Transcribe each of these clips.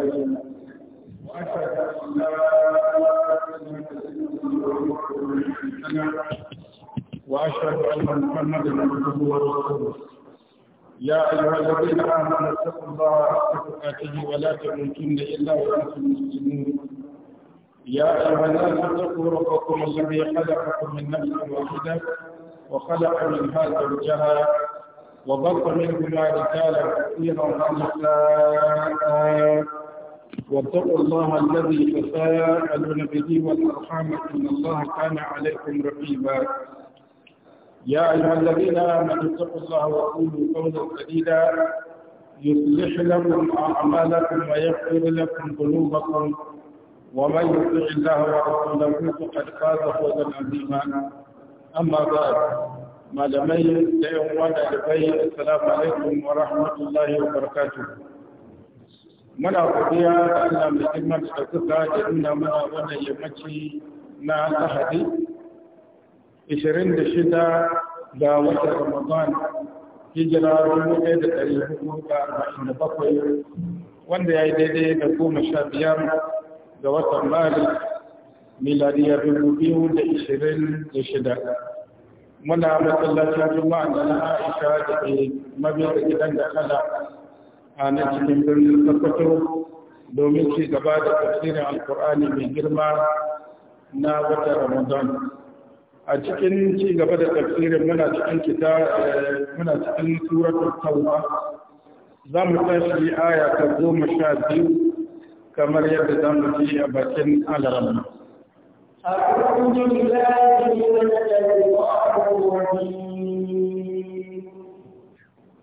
وأشهد أن لا إله إلا الله وأشهد أن محمدا عبده ورسوله يا أيها الذين آمنوا اتقوا الله حق تقاته ولا تموتن إلا وأنتم مسلمون يا أيها الناس اتقوا ربكم الذي خلقكم من نفس واحدة وخلق منها زوجها وبط منهما رجالا كثيرا ونساء واتقوا الله الذي تساءلون به والارحام ان الله كان عليكم رقيبا يا ايها الذين امنوا اتقوا الله وقولوا قولا سديدا يصلح لكم اعمالكم ويغفر لكم ذنوبكم ومن يطع الله ورسوله فقد فاز فوزا عظيما اما بعد ما لم يستعن ولا السلام عليكم ورحمه الله وبركاته muna godiya ga Allah mai girma da ɗaukaka da nuna mana wannan yammaci na Lahadi 26 ga watan Ramadan hijira 1447 wanda ya yi daidai da goma sha biyar ga watan Mali miladiyar 226 muna matsalar juma'a da na Aisha da ke mabiyar gidan da kala ana cikin birnin Sokoto domin ci gaba da tafsirin Alkur'ani mai girma na wata Ramadan. A cikin ci gaba da tafsirin muna cikin kita eh, muna cikin suratul Tauba za mu tashi aya ta goma sha biyu kamar yadda za mu ji a bakin alarama أعوذ بالله من الشيطان الرجيم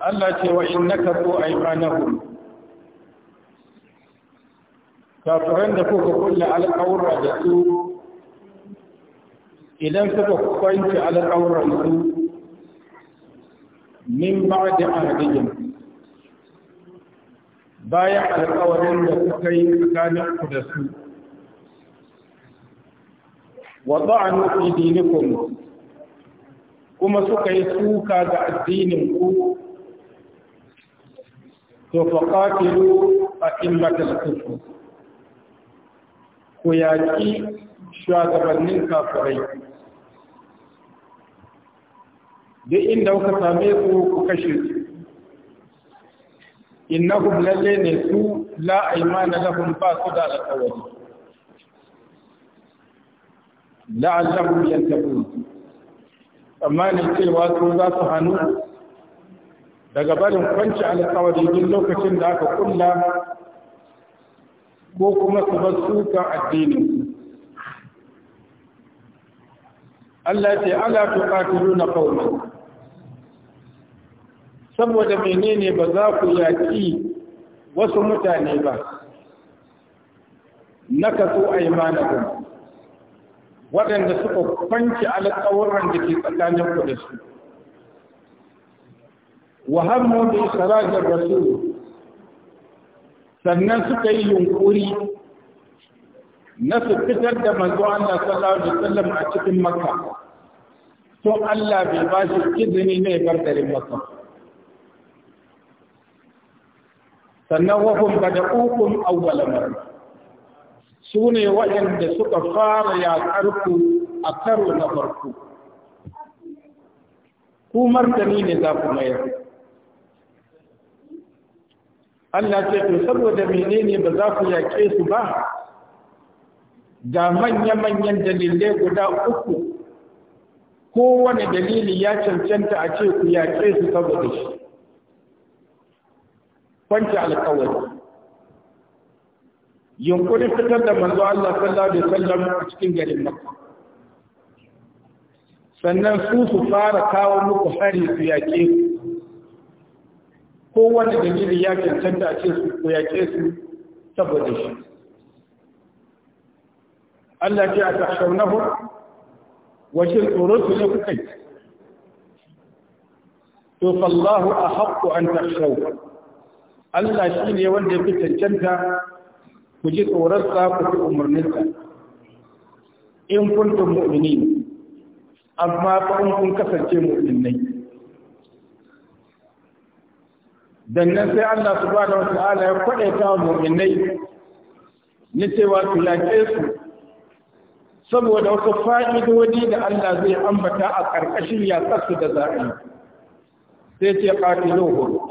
Allah ce wa in naka ko aimanahum kafiran da kuka kulle alƙawura da tsoro? idan suka kwanci al'auransu min ba da bayan alƙawarin da suka yi tsakanin ku da su wa ta'anu fi dinikum kuma suka yi suka ga addinin ku to fa a a'immatal kufr ku yaki shugabannin kafirai duk inda kuka same ku ku kashe su innahum lalle ne su la aymana lahum ba su da alƙawari la'allahum amma tsammanin cewa su za su hannu daga barin kwanci alƙawari duk lokacin da aka kulla ko kuma su bar sukan addinin Allah ce ala tuqatiluna qauman saboda menene ba za ku yaƙi wasu mutane ba na kaso a yi imanakun waɗanda suka kwanci alƙawuran da ke tsakanin ku da su wahammu da isarajar rasul sannan suka yi yunƙuri na su fitar da manzo Allah sallallahu alaihi wasallam a cikin makka to Allah bai ba shi izini ne bar garin makka sannan wahum bada'ukum awwala marra su ne waɗanda suka fara yaƙarku a karo na farko ku martani ne za ku mayar Allah ce to saboda menene ba za ku yaƙe su ba ga manya-manyan dalilai guda uku kowane dalili ya cancanta a ce ku yaƙe su saboda shi kwanci alƙawari yunkurin fitar da manzo Allah sallallahu alaihi wasallam a cikin garin Makka sannan su su fara kawo muku hari su yaƙe ku kowane dalili ya cancanta a ce su ku yaƙe su saboda shi Allah ce a tashaunahu washin tsoro su ne kuka yi to fallahu a haƙƙo an tashaunahu Allah shi ne wanda ya fi cancanta ku ji tsorarsa ku fi umarninsa in kuntum mu'mini amma kun kun kasance mu'minai dannan sai Allah subhanahu ta'ala ya kwadaita wa mu'minai ni cewa su yaƙe su saboda wasu fa'idodi da Allah zai ambata a ƙarƙashin yaƙarsu da zaɓi sai ce ƙatiluhu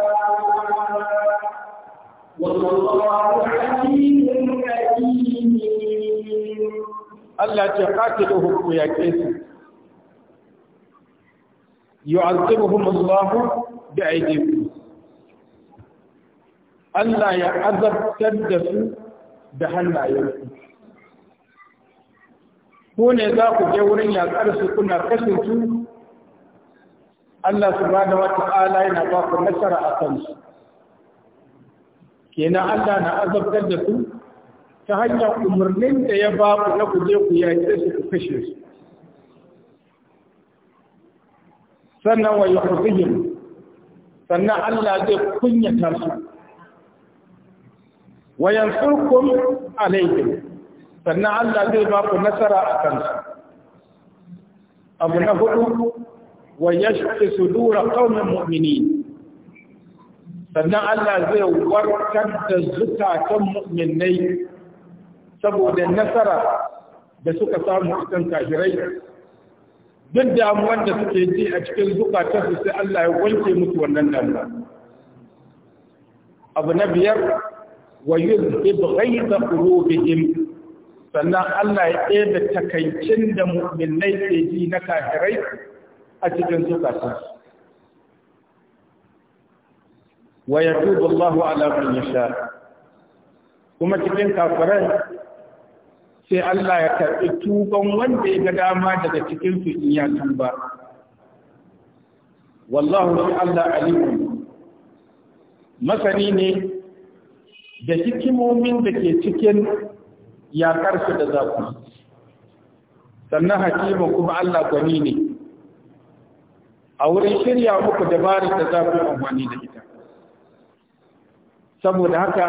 Allah ce qatiluhum ku yake su yu'azibuhum Allah bi aydikum Allah ya azabtar da su da hannayensu ku ne za ku je wurin yaƙar su kuna kashe su Allah subhanahu wa ta'ala yana ba ku nasara a kansu kenan Allah na azabtar da su ta hanyar umarnin da ya ba ku na kuje ku da su ku kashe su sannan wa yuhzihim sannan Allah zai kunyata su wa yansurkum alaihim sannan Allah zai ba ku nasara a kansu abu na hudu wa yashqi sudura qaumin mu'minin sannan Allah zai warkar da zukatan mu'minai saboda nasara da suka samu cikin kafirai duk damuwar da suke ji a cikin su sai Allah ya wanke musu wannan damuwa abu na biyar wa yuzhib ghayza qulubihim sannan Allah ya ɗebe takaicin da mu'minai ke ji na kafirai a cikin su wa yatubu Allahu ala man yasha kuma cikin kafiran sai Allah ya karɓi tuban wanda ya ga dama daga cikin su in ya tuba wallahu shi Allah alimun masani ne da hikimomin da ke cikin yakar su da zaku sannan hakima kuma Allah gwani ne a wurin shirya muku dabarar da za ku amfani da ita saboda haka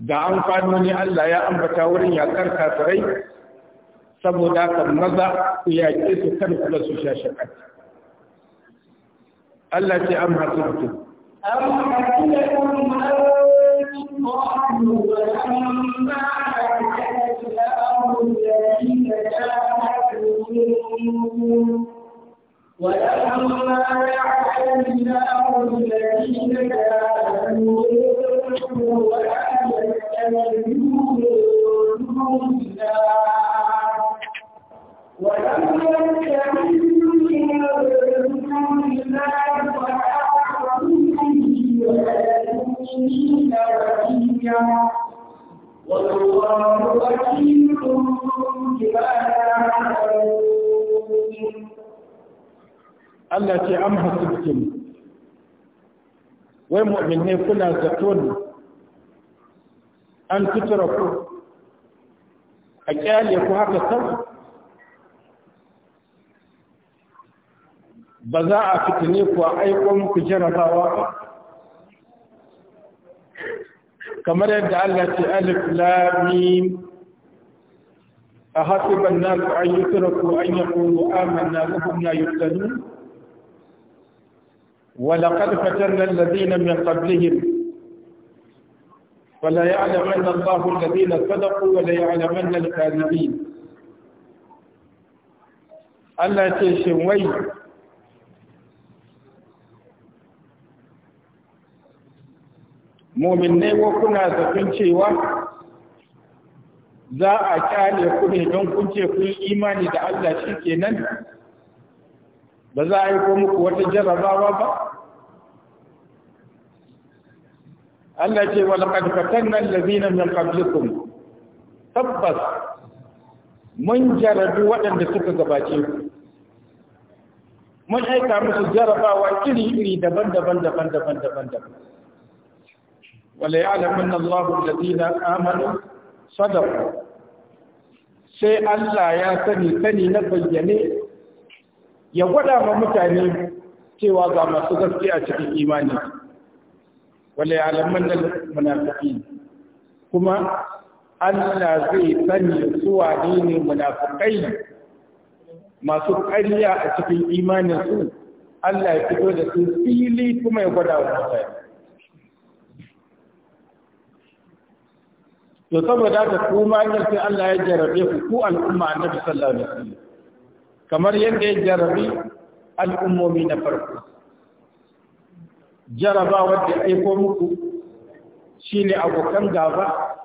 ga amfanoni Allah ya ambata wurin yakar kafirai saboda haka maza ku yaƙe su kan kula su sha shakar Allah ce an hasibtu am hasibtum an ولما يعلمناه الذين كانوا ولا يستمرون ولم يتخذوا من دون الله والله وكيل بما يعلمون Allah ce am hasibtum wai mu'minai kuna zaton an tutura ku a kyale ku haka sau ba za a fitine ku a aikon ku jarabawa ba kamar yadda Allah ce alif lamim أحسب الناس أن يتركوا أن يقولوا آمنا وهم لا يفتنون ولقد فتنا الذين من قبلهم وليعلمن الله الذين صدقوا وليعلمن الكاذبين Allah ce shin wai muminai ko kuna zafin cewa za a kyale ku ne don kun ce kun imani da Allah shi kenan ba za a yi ko muku wata jarabawa ba Allah ce wa laqad fatanna allazina min qablikum tabbas mun jarabi waɗanda suka gabace ku mun aika musu jarabawa iri-iri daban-daban daban-daban daban-daban wala ya'lamunna Allahu allazina amanu sadaqu sai Allah ya sani sani na bayyane ya gwada ma mutane cewa ga masu gaskiya cikin imani wala ya'laman munafiqin kuma Allah zai sani suwa ne ne munafikai masu ƙarya a cikin imanin su Allah ya fito da su fili kuma ya gwada wa yi. to saboda da kuma yin sai Allah ya jarabe ku ku al'umma annabi sallallahu alaihi wasallam kamar yadda ya jarabi al'ummomi na farko jaraba wadda aiko muku shi ne abokan gaba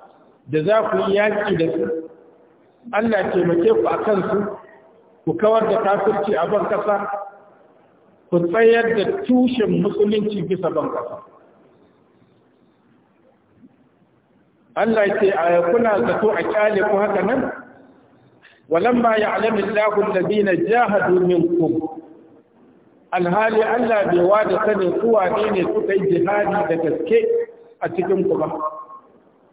da za ku yi yaƙi da su Allah taimake ku a kansu ku kawar da kafirci a ban ƙasa ku tsayar da tushen musulunci bisa ban ƙasa Allah ce a kuna zato a kyale ku haka nan walamma ya'lamu zina jihar domin ku. alhali Allah bai wada sanin kuwa ne ne suka yi jihadi da gaske a cikin ku ba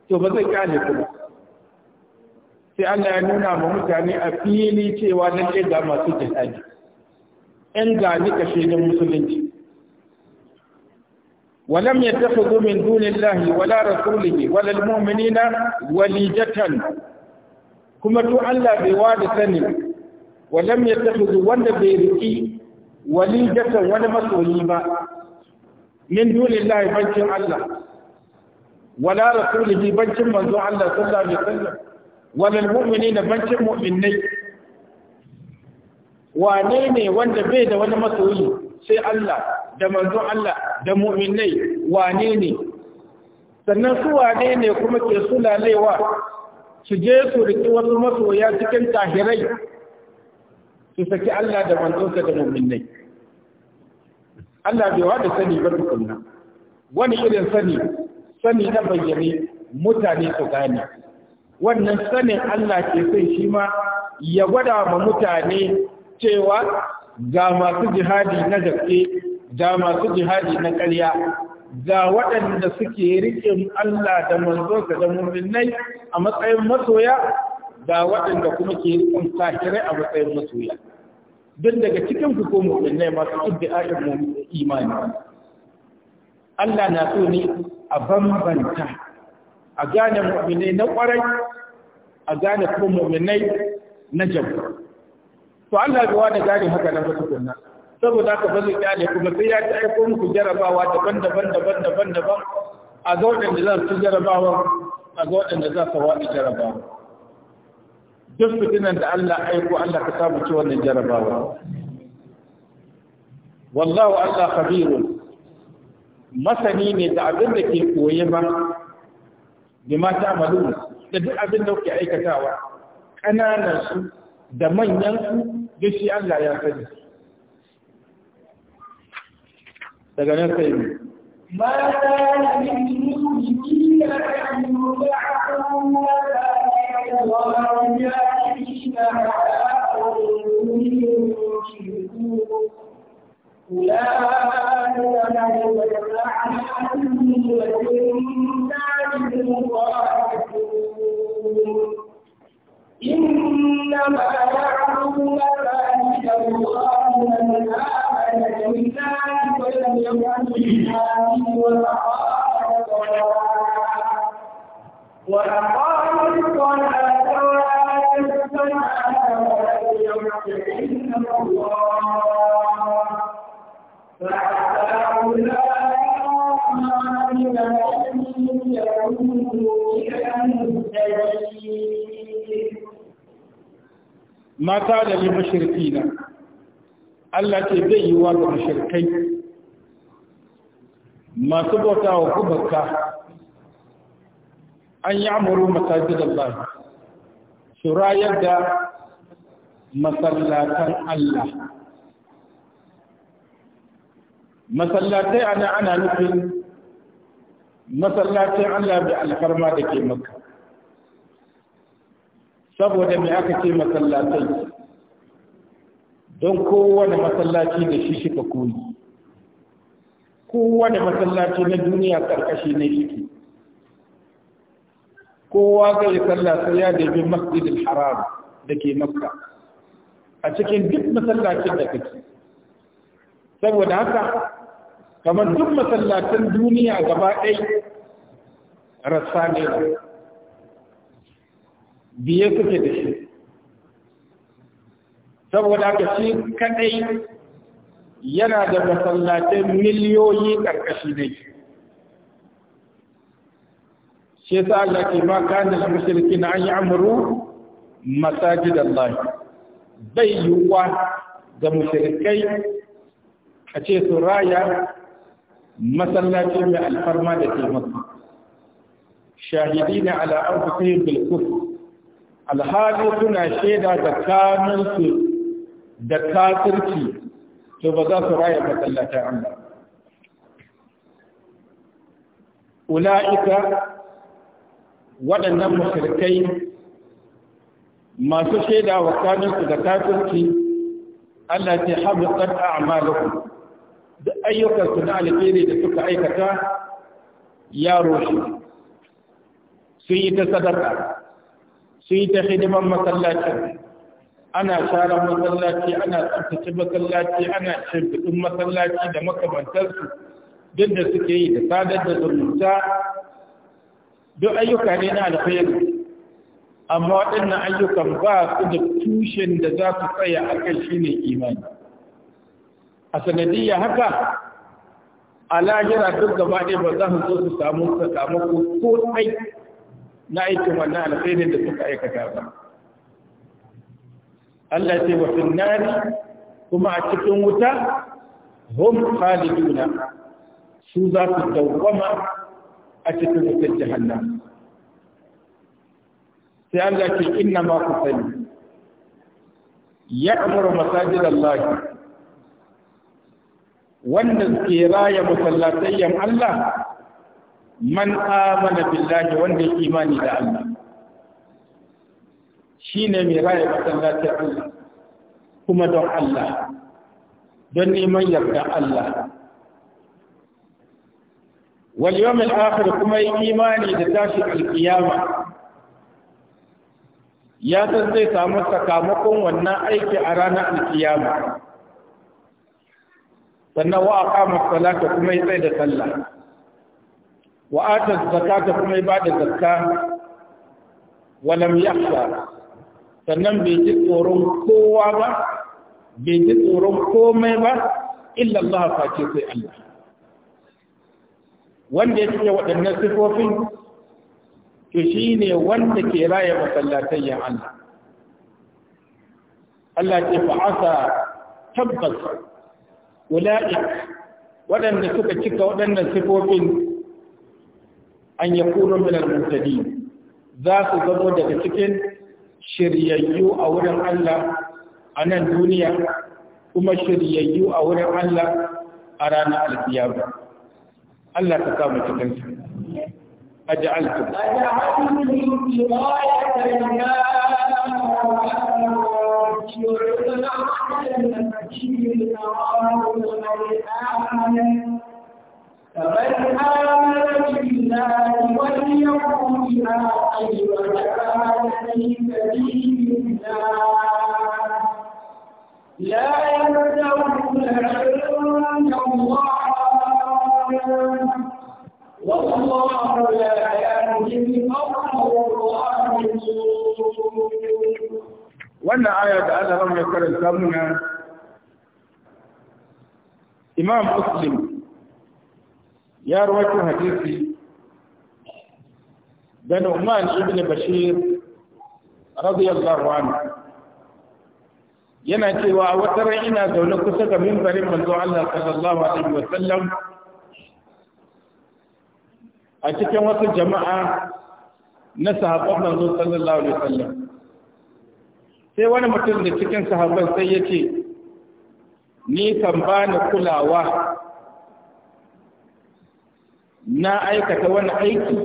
to ba zai kyale ku sai Allah ya nuna ma mutane a fili cewa lalle ga masu jihadi in ga ni kashe da musulunci ولم يتخذوا من دون الله ولا رسوله ولا المؤمنين وليجة كما تو الله بواد سني ولم يتخذوا وند بيرقي Wani jatan wani masoyi ba min dunillahi bancin Allah wala rasulihi bancin manzo Allah sallallahu alaihi wasallam wala almu'minina bancin mu'minai wane ne wanda bai da wani masoyi sai Allah da manzo Allah da mu'minai wane ne sannan su wane ne kuma ke sulalewa su je su riki wasu masoya cikin tahirai su saki Allah da manzonsa da mu'minai Allah bai wada sani ba tukunna wani irin sani sani na bayyane mutane su gane wannan sanin Allah ke sai shi ma ya gwada ma mutane cewa ga masu jihadi na gaske ga masu jihadi na ƙarya ga waɗanda suke riƙe Allah da manzonsa da mu'minai a matsayin masoya da waɗanda kuma ke rikon kafirai a matsayin masoya don daga cikin ku ko ne masu iddi'a'in mu imani Allah na so ne a bambanta a gane mu'minai na ƙwarai a gane kuma mu'minai na jabu to Allah bai wani gane haka na wasu kunna saboda haka ba zai kyale kuma sai ya ta aiko muku jarabawa daban-daban daban-daban daban a ga waɗanda za su jarabawa a ga waɗanda za su waɗi jarabawa duk fitinan da Allah aiko Allah ka samu ci wannan jarabawa wallahu Allah khabirun masani ne da abin da ke koye ba bi ma ta da duk abin da kuke aikatawa kananan su da manyan su da shi Allah ya sani daga nan sai ma ta na, Allah ce zai yi wa ga masu bauta wa kubarka an yi amuru masajid Allah su rayar da masallatan Allah masallatai ana ana nufin Masallatai Allah da alfarma da ke maka saboda mai aka ce masallatai don kowane masallaci da shi shika koyi kowane masallaci na duniya karkashi ne shike kowa ga ya sallah sai ya dabi masjidil haram da ke makka a cikin duk masallacin da kake saboda haka kamar duk masallacin duniya gaba ɗaya rassa ne biye suke da shi saboda haka shi kadai yana da masallatai miliyoyi karkashi ne shi yasa Allah ke ma kana mushrikin an ya'muru masajid Allah bai yiwuwa ga mushrikai a ce su raya masallaci mai alfarma da ke masu shahidi na sai bilkus alhali suna shaida da kanunsu da kafirci to ba za su raya an ba. ula'ika waɗannan mushrikai masu shaida wa kanunsu da kafirci Allah ta a a'amalukum da ayyukansu na alheri da suka aikata ya roshe sun yi ta sadaka sun yi ta hidimar masallacin ana sharan masallaci ana tsaftace masallaci ana shimfiɗin masallaci da makamantarsu duk da suke yi da sadar da zumunta duk ayyuka ne na alkhairi amma waɗannan ayyukan ba su da tushen da za su tsaya a kai shi ne imani a sanadiyya haka a lahira duk gaba ɗaya ba za su zo su samu sakamako ko tsai na aikin wannan alkhairin da suka aikata ba Allah ce wa finnari kuma a cikin wuta hum khaliduna su za su dawwama a cikin wutar jahannam sai Allah ce inna ma ku sani ya'muru masajid Allah wanda ke raya masallatayyan Allah man amana billahi wanda imani da Allah shi ne mai raya masallacin Allah kuma don Allah don neman yarda Allah wal mai akhir kuma yi imani da tashi alkiyama ya san zai samu sakamakon wannan aiki a ranar alkiyama sannan wa ƙamar salata kuma yi tsaye da sallah wa ata ta kuma ba bada zakka wa sannan bai ji tsoron kowa ba bai ji tsoron komai ba illa Allah face sai Allah wanda ya cike waɗannan sifofin to shi ne wanda ke raya ya Allah Allah ce fa'asa tabbas ula'i waɗanda suka cika waɗannan sifofin an yakunu min al-muhtadin za su zama daga cikin shiryayyu a wurin Allah a nan duniya kuma shiryayyu a wurin Allah a ranar alfiyama Allah ka kama cikin su أجعلتم أجعلتم فمن آمن بالله واليوم الآخر وكان في سبيل الله لا يستوون عند الله والله لا يهدي القوم الظالمين wannan aya da Allah ya karanta muna Imam Muslim ya rawaito hadisi da Nu'man ibn Bashir radiyallahu anhu yana cewa a wata ran ina zaune kusa ga mimbarin manzo Allah sallallahu alaihi wa sallam a cikin wasu jama'a na sahabban manzo sallallahu alaihi wa sallam sai wani mutum da cikin sahabban sai yace ni kan bani kulawa na aikata wani aiki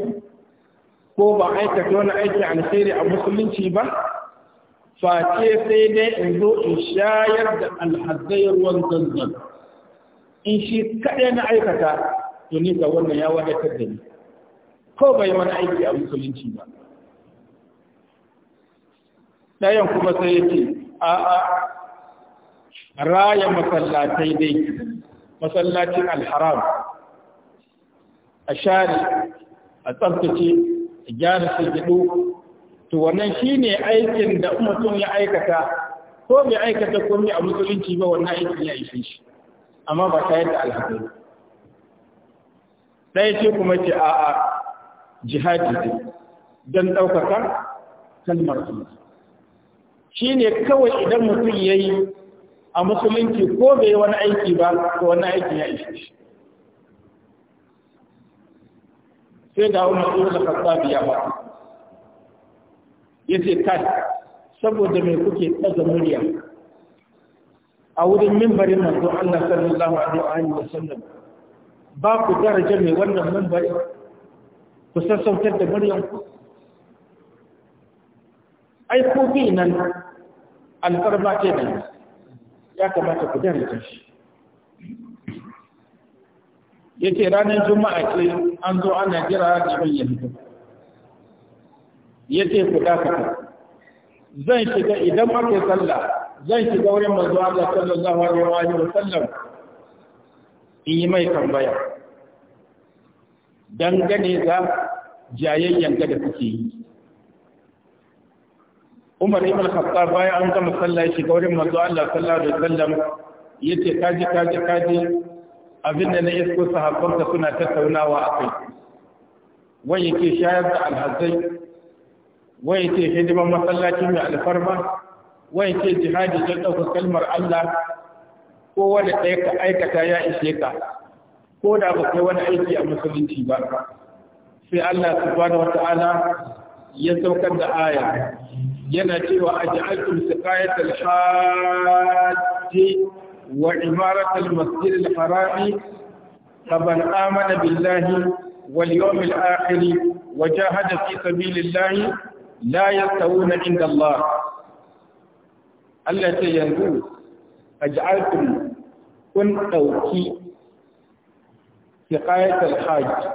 ko ba aikata wani aiki alheri a musulunci ba face sai dai in zo in shayar da alhazai ruwan zanzan in shi kaɗai na aikata tuni ga wannan ya wadatar da ni ko bai wani aiki a musulunci ba ɗayan kuma sai yake ce a a raya masallatai dai masallacin alharam a share a tsaftace a gyara shirgidu to wannan shine aikin da mutum ya aikata ko bai aikata komai a musulunci ba wannan aikin ya ishe shi amma ba ta yadda alhaɗari ɗaya ce kuma ce a a jihadi ce don ɗaukaka kalmar Allah shi ne kawai idan mutum ya yi a musulunci ko bai wani aiki ba ko wani aiki ya ishe shi sai ga wani ibn da khattab ya ba ya ce kai saboda me kuke tsaga murya a wurin mimbarin manzo Allah sallallahu alaihi wa sallam ba ku daraja mai wannan mimbari ku sassautar da muryan ku ai ko bi nan alfarma ce da ya kamata ku daraja shi ya ce ranar juma'a ce an zo ana jira liman ya fito ya ce ku dakata zan shiga idan aka yi sallah zan shiga wurin manzo Allah sallallahu alaihi wa sallam in yi mai tambaya dangane da jayayyan da kuke yi Umar ibn Khattab bayan an gama sallah shi shiga wurin manzo Allah sallallahu alaihi wa sallam yace kaji kaji kaji abinda na isko sahabbansa suna tattaunawa a kai wai yake shayar da alhazai wai yake hidiman masallaci mai alfarma wai yake jihadi don ɗaukar kalmar Allah ko wani ɗaya ka aikata ya ishe ka ko da ba kai wani aiki a musulunci ba sai Allah subhanahu wata'ala ya saukar da aya yana cewa aj'altum siqayatal hajji وعمارة المسجد الحرام فمن آمن بالله واليوم الآخر وجاهد في سبيل الله لا يستوون عند الله التي ينزل أجعلكم كن توكي سقاية الحاج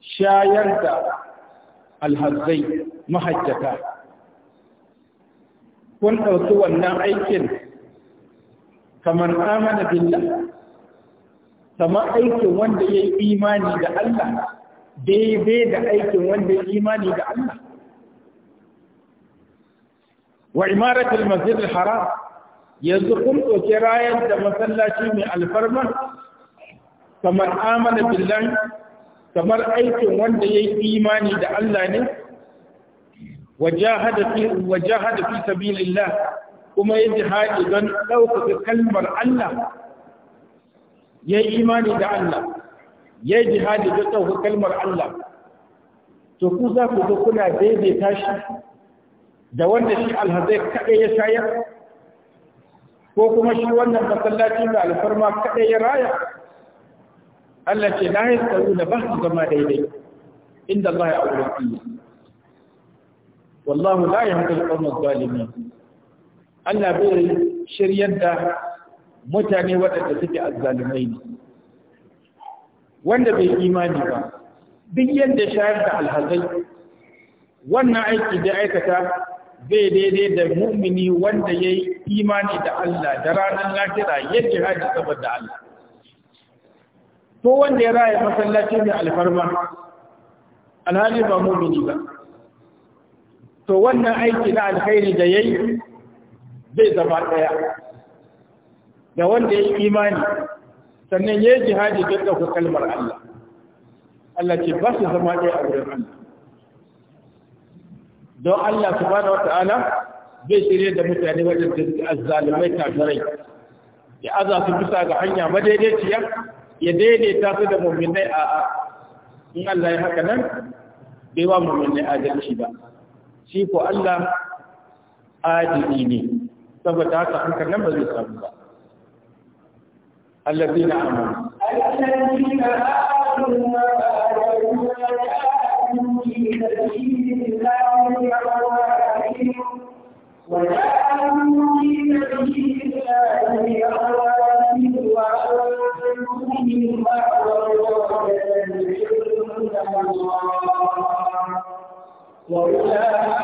شايرت الهزي محجتا kun ɗauki wannan aikin kamar amana billah sama aikin wanda ya yi imani da Allah daidai da aikin wanda ya yi imani da Allah wa imaratul masjid al-haram yanzu kun ɗauki rayar da masallaci mai alfarma kamar amana billahi kamar aikin wanda ya yi imani da Allah ne wajahada fi wajahada fi sabilillah kuma ya jihadi don ɗaukaka kalmar Allah ya yi imani da Allah ya yi jihadi don ɗaukaka kalmar Allah to ku za ku zo kuna daidaita shi da wanda shi alhazai kaɗai ya shayar ko kuma shi wannan masallaci da alfarma kaɗai ya raya Allah ce na yi tsaro da ba su zama daidai inda Allah ya aure wallahu la yahdi al-qawm adh-dhalimin Allah bai shiryar da mutane waɗanda suke azzalumai ne wanda bai imani ba duk yadda shayar da alhazai wannan aiki da aikata bai daidai da mumini wanda ya yi imani da Allah da ranar lafiya ya jihadi saboda Allah to wanda ya raya masallaci mai alfarma alhali ba mumini ba to wannan aiki na alkhairi da ya yi. zai zama ɗaya da wanda ya yi imani sannan ya yi jihadi don ɗauka kalmar Allah Allah ce ba su zama ɗaya a wurin Allah don Allah da wata'ala zai shirye da mutane wajen da azalimai tasirai ya aza su bisa ga hanya madaidaiciya ya daidaita su da mummunai a a in Allah ya haka nan bai wa mummunai adalci ba shi ko Allah adili ne saboda haka hankali nan ba zai samu ba الذين آمنوا الذين آمنوا وجعلوا في سبيل الله أمواتا وأنفسهم وأولادهم يشركون الله وأولئك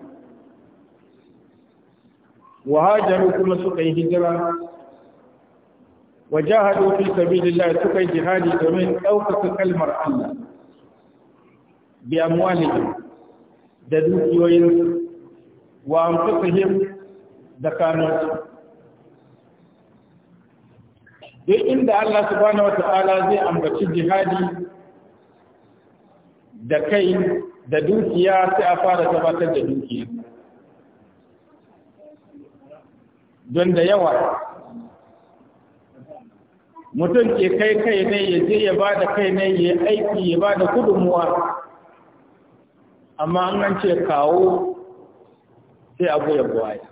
wahajaru kuma suka yi hijira wa jahadu fi sabilillah suka yi jihadi domin ɗaukaka kalmar Allah bi amwalihim da dukiyoyin wa anfusihim da kanunsu duk inda Allah subhanahu wata'ala zai ambaci jihadi da kai da dukiya sai a fara gabatar da dukiya don da yawa mutum ke kai kai ne ya je ya ba da kai ne ya aiki ya ba da gudunmuwa amma an ce kawo sai abu ya buwaya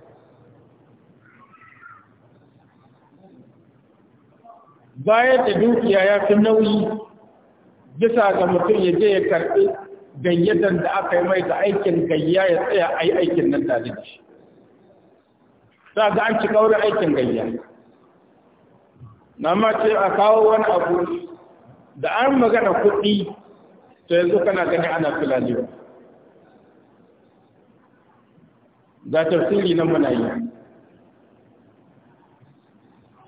bayan da dukiya ya fi nauyi bisa ga mutum ya je ya karɓi gayyatar da aka yi mai da aikin gayya ya tsaya a yi aikin nan da shi za ga an cika wurin aikin gayya na mace ce a kawo wani abu da an magana kuɗi to yanzu kana gani ana filalewa ga tafsiri na muna yi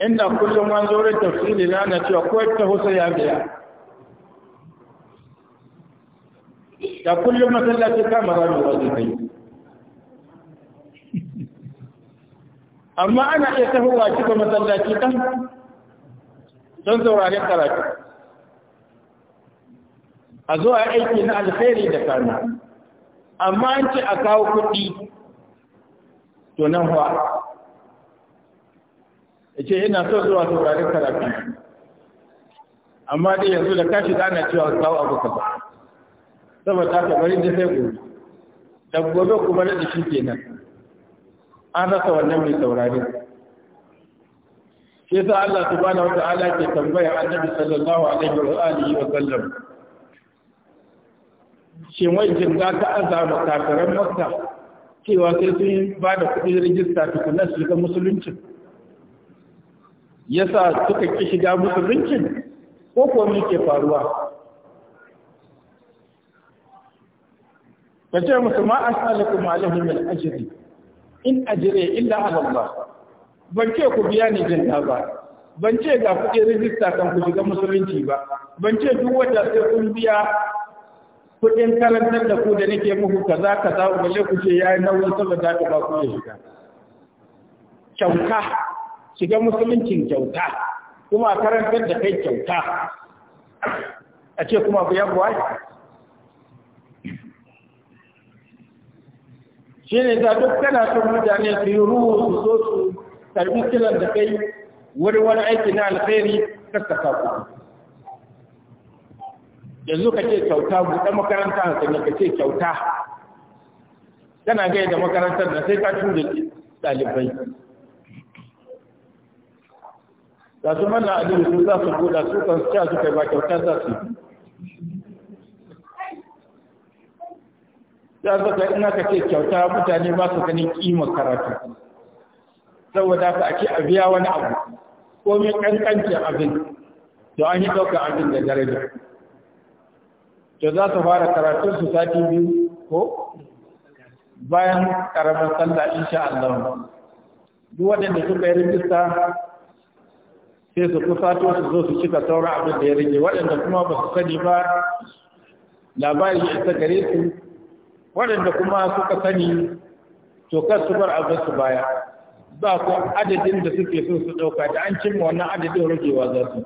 inda kullum an zo rai tafsiri na ana cewa ko ta husa ya biya da kullum masallaci kama rami wajen kai amma ana iya tahowa ba masallaci kan don sauraren karatu a zo a aiki na alkhairi da kanu amma an ce a kawo kuɗi to nan hawa ya ce ina son zuwa sauraren karatu amma dai yanzu da kashi za na cewa kawo abu ka ba saboda ta bari da sai gobe da gobe kuma da shi kenan an rasa wannan mai saurari. shi yasa Allah wata wata'ala ke tambaya annabi sallallahu alaihi wa alihi wa sallam shin wai jin za ka azama kafiran makka cewa sai sun ba da kuɗin rijista tukunan su ga musuluncin yasa suka ki shiga musuluncin ko kuwa ke faruwa ka ce musu ma asalakum alaihim al-ajri in ajire illa Allah ban ce ku biya ni janna ba ban ce ga kuɗi rijista kan ku shiga musulunci ba ban ce duk wata sai kun biya kuɗin karantar da ku da nake muku kaza kaza je ku ce yayi nauyi saboda ta ba ku shiga kyauta shiga musuluncin kyauta kuma karantar da kai kyauta a ce kuma biyan wai shi ne za duk kana son mutane su yi ruhu su so su karbi kiran da kai wani wani aiki na alkhairi kaskasa ku yanzu ka ce kyauta buɗe makaranta a sanya ka ce kyauta Tana gaya da makarantar da sai ka tura ɗalibai za su manna a su za su buɗa su kan su ca ba kyauta za su yi za su ka ina ka ce kyauta mutane ba su ganin kima karatu saboda ka ake a biya wani abu ko mai kankancin abin to an yi ɗauka abin da daraja to za su fara karatu su sati biyu ko bayan karamar sallah insha Allah duk waɗanda suka yi rijista sai su to su zo su cika sauran abin da ya rage waɗanda kuma ba su sani ba labari ya isa gare su waɗanda kuma suka sani to kar su bar abin su baya ba ku adadin da suke so su ɗauka da an cimma wannan adadin ragewa za su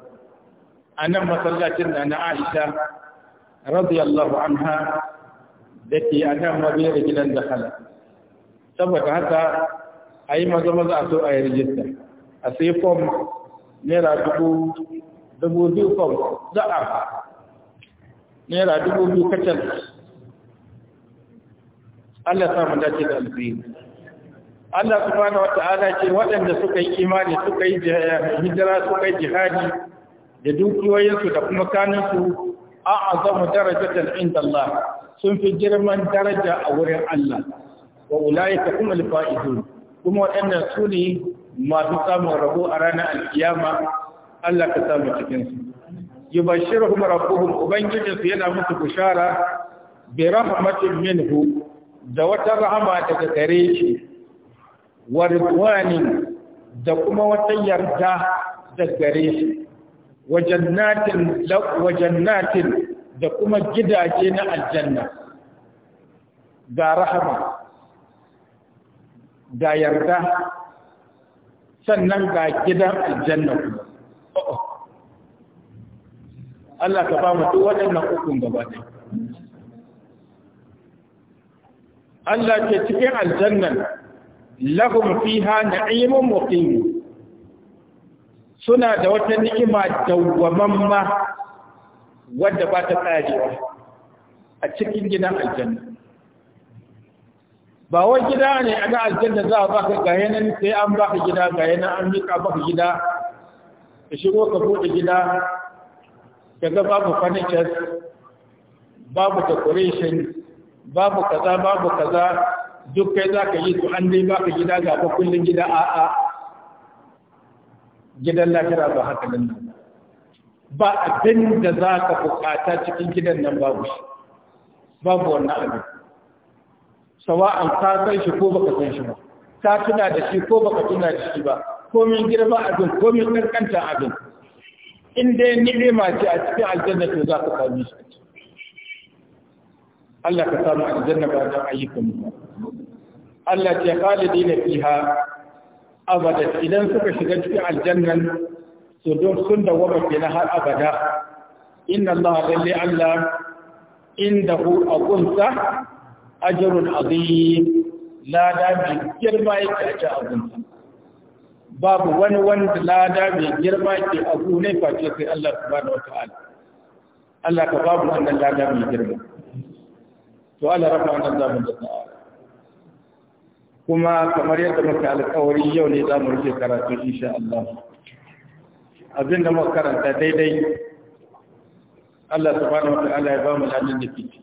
a nan masallacin da na aisha radiyallahu anha da ke a nan mabiyar gidan da hala saboda haka a yi maza maza a so a yi rijista a sai fom naira dubu dubu biyu fom za a naira dubu biyu kacal Allah sa mu dace da alheri Allah subhanahu wata'ala ce waɗanda suka yi imani suka yi hijira suka yi jihadi da dukiyoyinsu da kuma kanunsu a azamu darajatan inda sun fi girman daraja a wurin Allah wa ulaika kuma alfa'idun kuma waɗanda su ne masu samun rabo a ranar alkiyama Allah ka samu cikin su yubashshiruhum rabbuhum ubangijinsu yana musu bishara bi rahmatin minhu da wata rahama daga gare shi wa da kuma wata yarda da gare shi wa jannatin wa jannatin da kuma gidaje na aljanna ga rahama ga yarda sannan ga gidan aljanna kuma oh, oh. Allah ka ba mu duk waɗannan hukun gaba ɗaya Allah ke cikin aljannan lahum fiha na'imun muqim suna da wata ni'ima dawwamamma wadda ba ta tsarewa a cikin gidan aljanna ba wai gida ne a ga aljanna za a baka ga yanan sai an baka gida ga yanan an mika baka gida ka shigo ka bude gida ka ga babu furnitures babu decoration babu kaza babu kaza duk kai za ka yi su an dai ka gida ga ba kullum gida a a gidan lafiya ba haka nan nan ba abin da za ka bukata cikin gidan nan babu shi babu wannan abin an ka san shi ko baka san shi ba ka tuna da shi ko baka tuna da shi ba komin girma abin komin kankanta abin in dai ma ce a cikin aljanna to za ka kawo shi Allah ka samu aljanna ba don ayyukan Allah ce khalidina fiha abada idan suka shiga cikin aljannan to don sun dawama kenan har abada inna Allah lalle Allah indahu aqunsa ajrun azim lada mai girma yake a abunsa babu wani wanda lada mai girma ke abu ne face sai Allah subhanahu wa ta'ala Allah ka babu wannan lada mai girma to Allah rafa wannan zamu da ta kuma kamar yadda muka alƙawari yau ne zamu rufe karatu insha Allah abin da muka karanta daidai Allah subhanahu wa ta'ala ya ba mu lamin da fice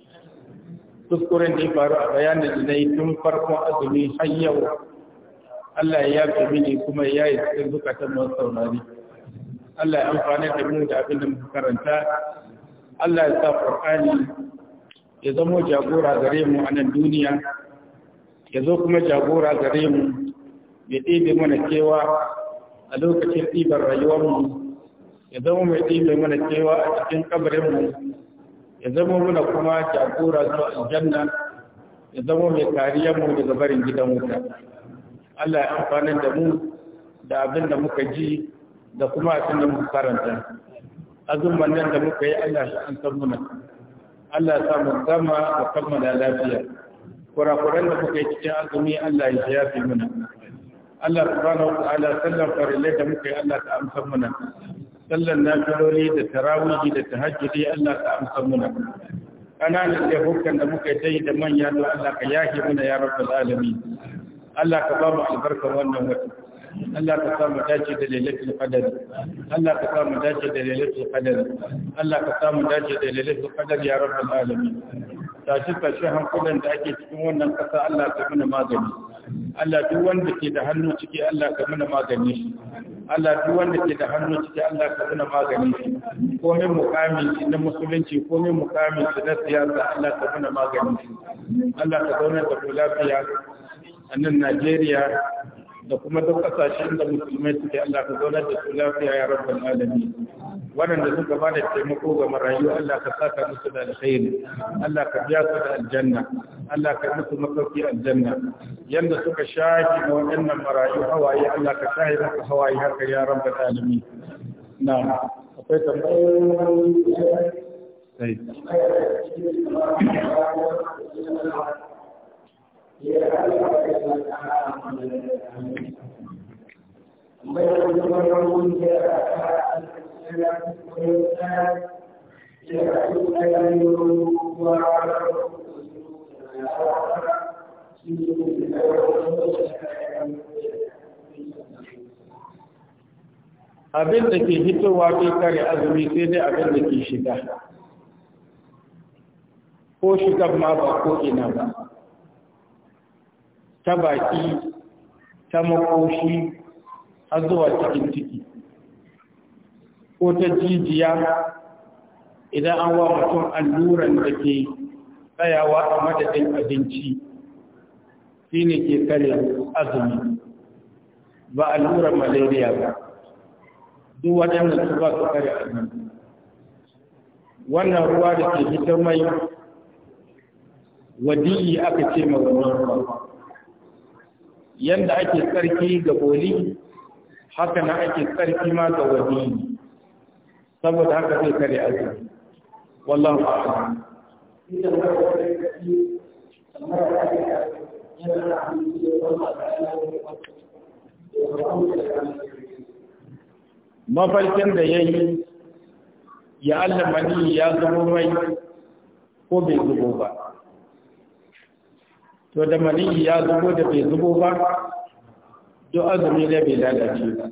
kuskuren da ya faru a bayanin da na yi tun farkon azumi har yau Allah ya yafe mini kuma ya yi cikin zukatan mu saurari Allah ya amfani da mu da abin da muka karanta Allah ya sa Qur'ani ya zama jagora gare mu a nan duniya ya zo kuma jagora gare mu ya ɗebe mana kewa a lokacin ɗibar rayuwarmu ya zama mai ɗebe mana kewa a cikin kabarinmu ya zama mana kuma jagora zuwa aljanna ya zama mai kariyarmu daga barin gidan wuta Allah ya amfanar da mu da abin da muka ji da kuma a cikin karanta azumman nan da muka yi Allah shi an san muna Allah ya samu gama da kammala lafiya kurakuran da kuka yi cikin azumi Allah ya yafi muna Allah Ta bana wa ta'ala sallan farillai da muka yi Allah ta amsa muna sallan nafiloli da tarawihi da ta tahajjudi Allah ta amsa muna Ƙananan da hukkan da muka yi ta yi da manya don Allah ka yafi muna ya rabbal alamin Allah ka ba mu albarkar wannan wata Allah ka samu dace da lailatul qadar Allah ka samu dace da lailatul qadar Allah ka samu dace da lailatul qadar ya rabbal alamin tashi tashi hankulan da ake cikin wannan kasa Allah ka mana magani Allah duk wanda ke da hannu ciki Allah ka mana magani shi Allah duk wanda ke da hannu ciki Allah ka mana magani shi mai mukamin shi na musulunci mai mukamin shi na siyasa Allah ka mana magani shi Allah ka zauna da lafiya a nan Najeriya da kuma duk kasashen da musulmai suke Allah ka zaunar da su lafiya ya rabbal alamin waɗanda suka ba da taimako ga marayu Allah ka saka musu da alkhairi Allah ka biya su da aljanna Allah ka musu masauki aljanna yanda suka shafi na waɗannan marayu hawaye Allah ka shahi maka hawaye haka ya rabbal alami. na akwai tambayoyi sai abin da ke hitowa bai kare azumi sai dai abin da ke shiga ko shigar ma ba ko ina ba ta baki ta makoshi har zuwa cikin ciki ko ta jijiya idan an wa mutum alluran da ke tsayawa a madadin abinci shi ne ke kare azumi ba alluran malaria ba duk waɗannan su ba su kare azumi wannan ruwa da ke fitar mai wadi'i aka ce ma wannan ruwa yanda ake tsarki ga boli haka na ake tsarki ma ga wani saboda haka zai kare aji wallahu a'lam mafarkin da ya yi ya ni ya zubo mai ko bai zubo ba to da maniyi ya zubo da bai zubo ba duk azumi ne bai lalace ba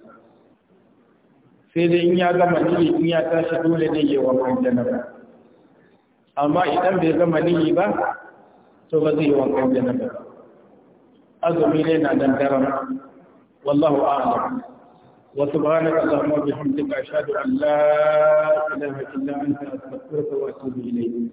sai dai in ya gama niyi in ya tashi dole ne ya wankan ba, amma idan bai gama niyi ba to ba zai yi wa wankan ba, azumi ne na dan daren wallahu a'lam wa subhanaka allahumma bihamdika ashhadu an la ilaha illa anta astaghfiruka wa atubu ilayk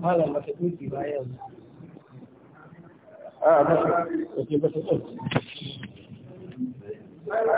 malam ba ta tuki bayan ah, ba ta ba